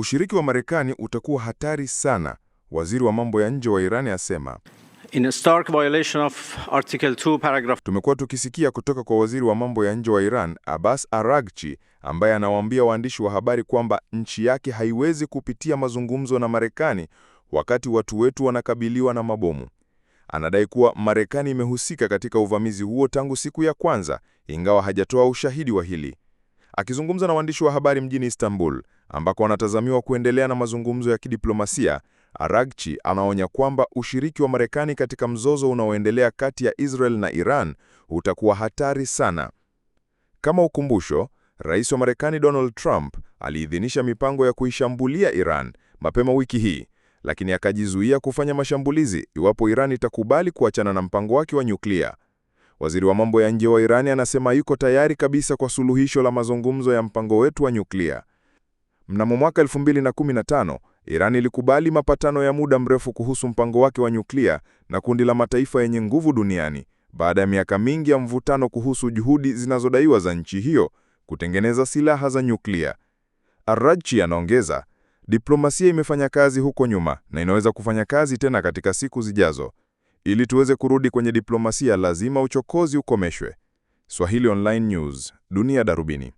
Ushiriki wa Marekani utakuwa hatari sana, waziri wa mambo ya nje wa iran asema. In a stark violation of Article 2 paragraph. Tumekuwa tukisikia kutoka kwa waziri wa mambo ya nje wa Iran, Abbas Araghchi, ambaye anawaambia waandishi wa habari kwamba nchi yake haiwezi kupitia mazungumzo na Marekani wakati watu wetu wanakabiliwa na mabomu. Anadai kuwa Marekani imehusika katika uvamizi huo tangu siku ya kwanza, ingawa hajatoa ushahidi wa hili. Akizungumza na waandishi wa habari mjini Istanbul, ambako wanatazamiwa kuendelea na mazungumzo ya kidiplomasia, Aragchi anaonya kwamba ushiriki wa Marekani katika mzozo unaoendelea kati ya Israel na Iran utakuwa hatari sana. Kama ukumbusho, Rais wa Marekani Donald Trump aliidhinisha mipango ya kuishambulia Iran mapema wiki hii, lakini akajizuia kufanya mashambulizi iwapo Iran itakubali kuachana na mpango wake wa nyuklia. Waziri wa mambo ya nje wa Irani anasema yuko tayari kabisa kwa suluhisho la mazungumzo ya mpango wetu wa nyuklia. Mnamo mwaka 2015, iran ilikubali mapatano ya muda mrefu kuhusu mpango wake wa nyuklia na kundi la mataifa yenye nguvu duniani baada ya miaka mingi ya mvutano kuhusu juhudi zinazodaiwa za nchi hiyo kutengeneza silaha za nyuklia. Arrachi anaongeza, diplomasia imefanya kazi huko nyuma na inaweza kufanya kazi tena katika siku zijazo. Ili tuweze kurudi kwenye diplomasia, lazima uchokozi ukomeshwe. Swahili Online News, Dunia Darubini.